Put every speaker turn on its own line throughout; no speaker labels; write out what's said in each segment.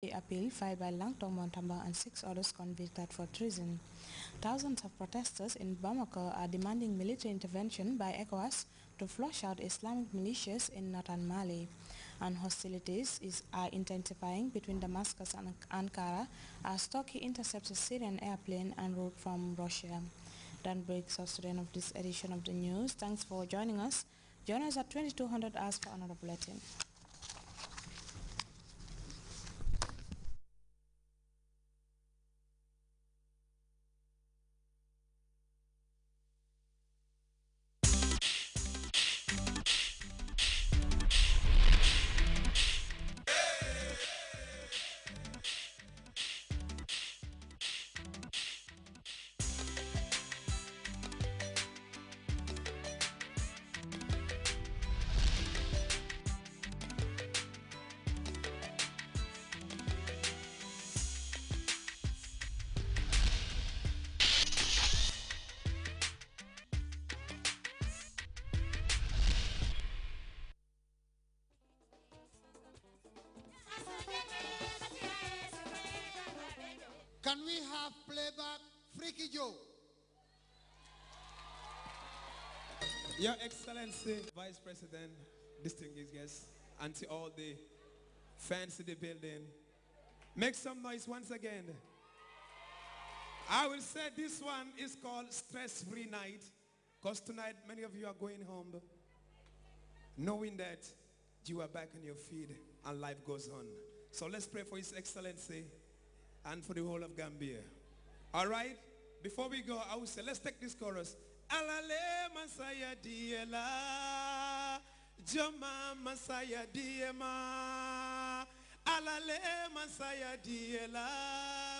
The appeal filed by Langtong Montamba and six others convicted for treason. Thousands of protesters in Bamako are demanding military intervention by ECOWAS to flush out Islamic militias in northern Mali. And hostilities is, are intensifying between Damascus and Ankara as Turkey intercepts a Syrian airplane en route from Russia. That breaks us to of this edition of the news. Thanks for joining us. Join us at 2200 hours for another bulletin.
Can we have playback Freaky Joe? Your Excellency, Vice President, distinguished guests, To All the fans in the building, make some noise once again. I will say this one is called stress-free night because tonight many of you are going home knowing that you are back on your feet and life goes on. So let's pray for His Excellency and for the whole of Gambia. All right? Before we go, I will say, let's take this chorus. Alale Masaya Diela, Jama Masaya Diema, Alale Masaya Diela,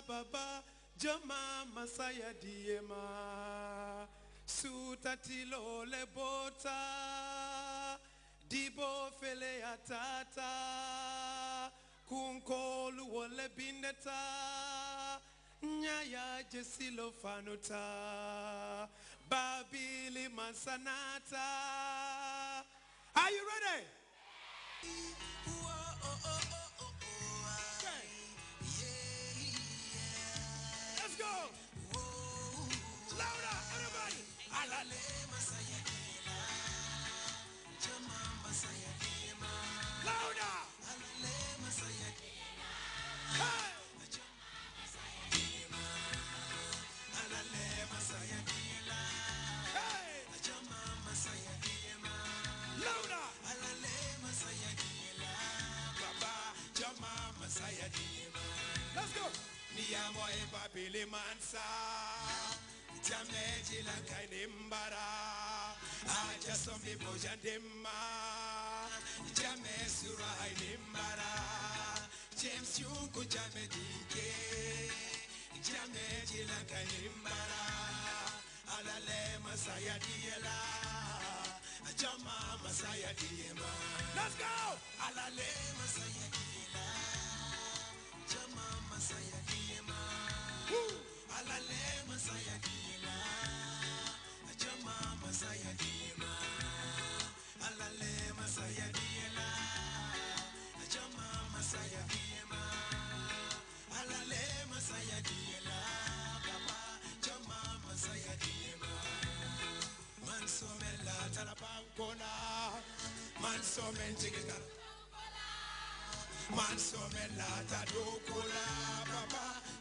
Baba, Jama Masaya Diema, Sutatilo Lebota, Dibo Feleatata, kunkolu bineta nyaya jesilo fanuta babili masanata are you ready yeah. Whoa, oh, oh, oh. Kilimansa Jameji Jame James Jame Dike Jameji Jama Masaya Diema Let's go! Jama Masaya Diema alale masaya kina jama masaya kina alale masaya kina jama masaya kina alale masaya kina baba jama masaya kina mansomela tarapangona mansomenjigita mansomela tadokola baba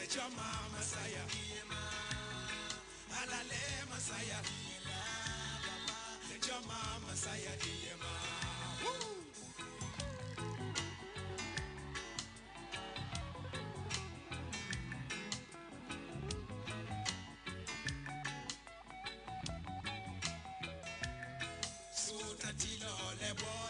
Sejoma Messiah. Alale Messiah. Sejoma Messiah. Woo! Suta tilo lebo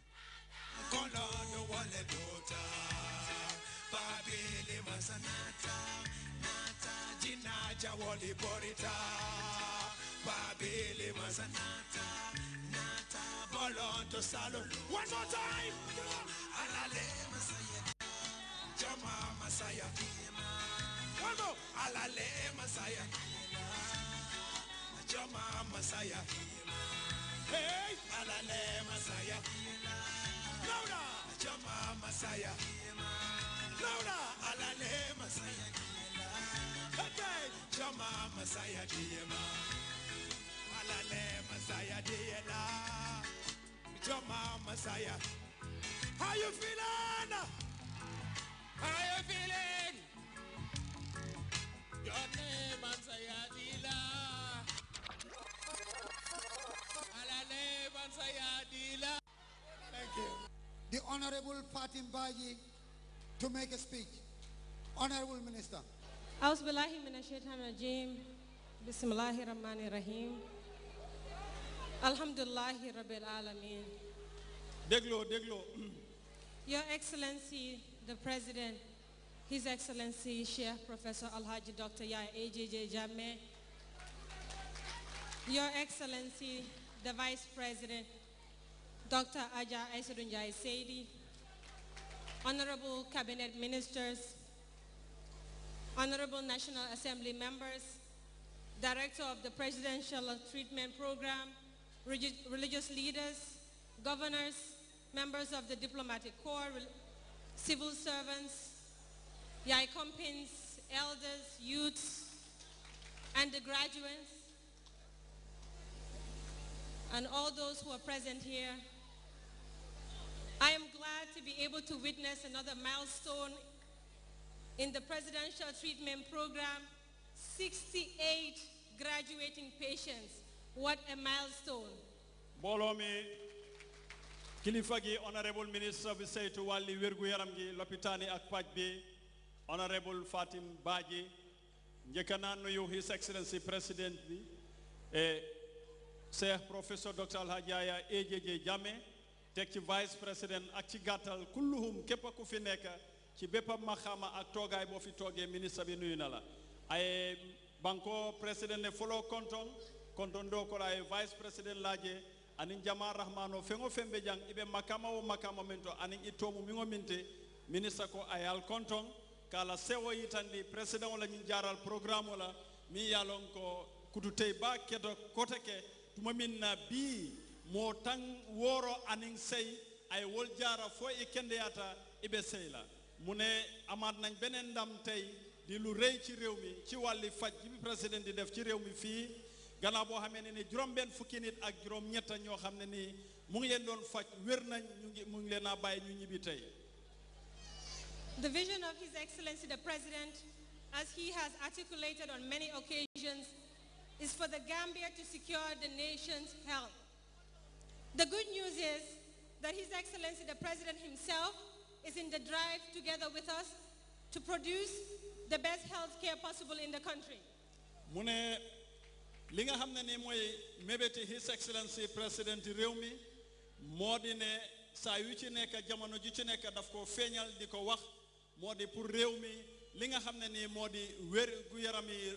Kolano wale dota Babili masanata Nata jinaja wali borita Babili masanata Nata bolonto salon One more time Alale masaya Jama masaya One more Alale masaya Jama masaya Hey Alale masaya Louder! Jama Messiah. Louder! Alale Messiah. Katai! Jama Messiah Diema. Alale Messiah Diela. Jama Messiah. How you feeling? How you feeling? Your name Messiah Honorable Fatim Baji to make a speech. Honorable Minister. أعوذ
بالله من الشيطان الرجيم بسم الله الرحمن الرحيم
deglo. لله
Your Excellency the President His Excellency Sheikh Professor Alhaji Dr. Yaya AJJ Jame Your Excellency the Vice President Dr. Aja Isadunjai Saidi, Honorable Cabinet Ministers, Honorable National Assembly Members, Director of the Presidential Treatment Program, religious leaders, governors, members of the diplomatic corps, civil servants, Yaikompins, elders, youths, undergraduates, and all those who are present here I am glad to be able to witness another milestone in the presidential treatment program, 68 graduating patients. What a milestone.
Bolomi, Kilifagi, Honorable Minister Biseitu Wali Wirguyaramgi, Lopitani Akpakbi, Honorable Fatim Baji, Njekananuyu, His Excellency President, eh, Sir Professor Dr. Alhajaya AJJ Jame, tek ci vice président ak ci gàttal kulluhum képp ku fi nekk ci bépp maxama ak toogaay boo fi toogee ministre bi nuyu na la ay banko président ne foloo konton konton do ko ay vice président laaje anin jama rahmano fengo fembe jang ibe makama wo makama minto anin itomu mingo minte ministre ko ayal konton kala sewo yitandi président wala ñin jaral programme wala mi yalon ko kututey ba keto kote ke tuma min na bii woro sey ay wol jara fo ibe nañ ndam di lu ci mi ci wàlli faj bi président di def ci mi ni juroom fukki nit ak juróom ñetta mu ngi doon faj wér nañ ñu ngi mu ngi ñu
The vision of His Excellency the President, as he has articulated on many occasions, is for the Gambia to secure the nation's health. The good news is that His Excellency the President himself is in the drive together with us to produce the best health care possible in the country.
mu ne li nga mébéti His Excellency President réew mi moo ne saa yu ci nekk jamono ju ci nekk daf ko feeñal di ko wax moo di pour réew li nga xam ni moo wér gu yaram yi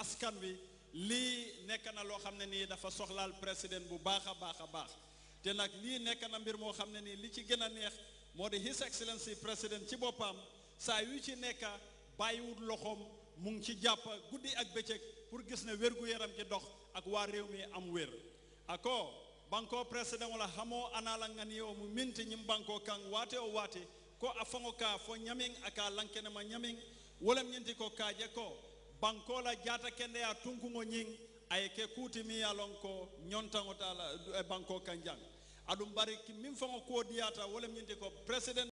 askan wi lii nekk na loo xam ne nii dafa soxlaal président bu baax a baax a baax te nag lii nekk na mbir moo xam ne nii li ci gën a neex moo di his excellency président ci boppam saa yu ci nekk bàyyiwut loxoom mu ngi ci jàpp guddi ak bëccëg pour gis ne wér-gu-yaram ci dox ak waa réew mi am wér ako banko président wala xamoo anala ngani o mu minti ñim banko kan waate oo waate ko a fango ka fo ñaming aka lankene ma ñaming wolam ñinti ko kaaje ko bankola jata kende ya tunkuŋo ñiŋ a ye ke alonko miŋ ye a loŋ ko ñontaŋo ta la eh, banko kanjaŋ aɗum bari min faŋo kuwo wo ko president